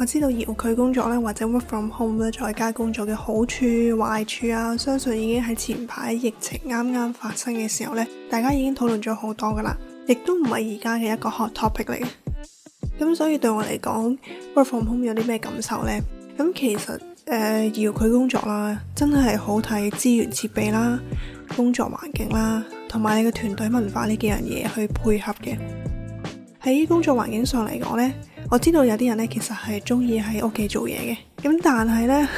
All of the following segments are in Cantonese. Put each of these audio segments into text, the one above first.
我知道遙距工作咧，或者 work from home 咧，在家工作嘅好處、壞處啊，相信已經喺前排疫情啱啱發生嘅時候咧，大家已經討論咗好多噶啦，亦都唔係而家嘅一個 hot topic 嚟嘅。咁所以對我嚟講 ，work from home 有啲咩感受呢？咁其實誒，遙距工作啦，真係好睇資源設備啦、工作環境啦，同埋你嘅團隊文化呢幾樣嘢去配合嘅。喺工作環境上嚟講呢。我知道有啲人咧，其實係中意喺屋企做嘢嘅。咁但係呢，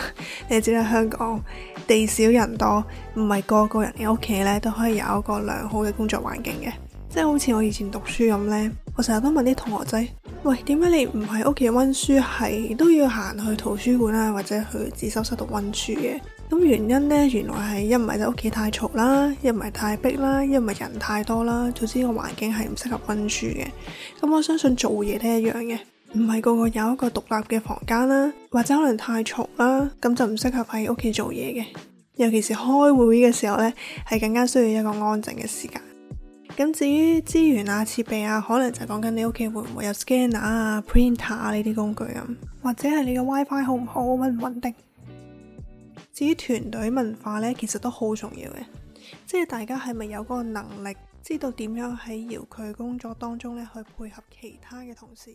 你知啦，香港地少人多，唔係個個人嘅屋企呢，都可以有一個良好嘅工作環境嘅。即係好似我以前讀書咁呢，我成日都問啲同學仔：喂，點解你唔喺屋企溫書，係都要行去圖書館呀，或者去自修室度溫書嘅？咁原因呢，原來係一唔係就屋企太嘈啦，一唔係太逼啦，一唔係人太多啦，總之個環境係唔適合溫書嘅。咁我相信做嘢都一樣嘅。唔係個個有一個獨立嘅房間啦，或者可能太嘈啦，咁就唔適合喺屋企做嘢嘅。尤其是開會嘅時候呢，係更加需要一個安靜嘅時間。咁至於資源啊、設備啊，可能就講緊你屋企會唔會有 scanner 啊、printer 啊呢啲工具啊，或者係你嘅 WiFi 好唔好穩唔穩定？至於團隊文化呢，其實都好重要嘅，即係大家係咪有個能力，知道點樣喺遙距工作當中呢，去配合其他嘅同事。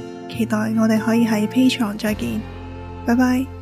期待我哋可以喺 Patreon 再見，拜拜。